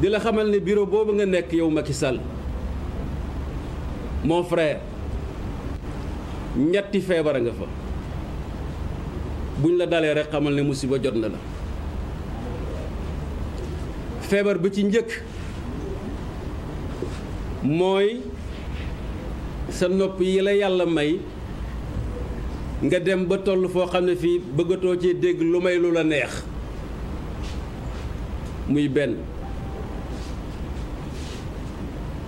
di la xamal ne bureau boobu nga nekk yow Macky Sall mon frère ñetti feebar nga fa buñ la dalee rek xamal ne musiba jot na la feebar bi ci njëkk mooy sa nopp yi la yàlla may nga dem ba toll foo xam ne fii bëggatoo cee dégg lu may lu la neex muy benn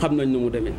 xam nañ nu mu demee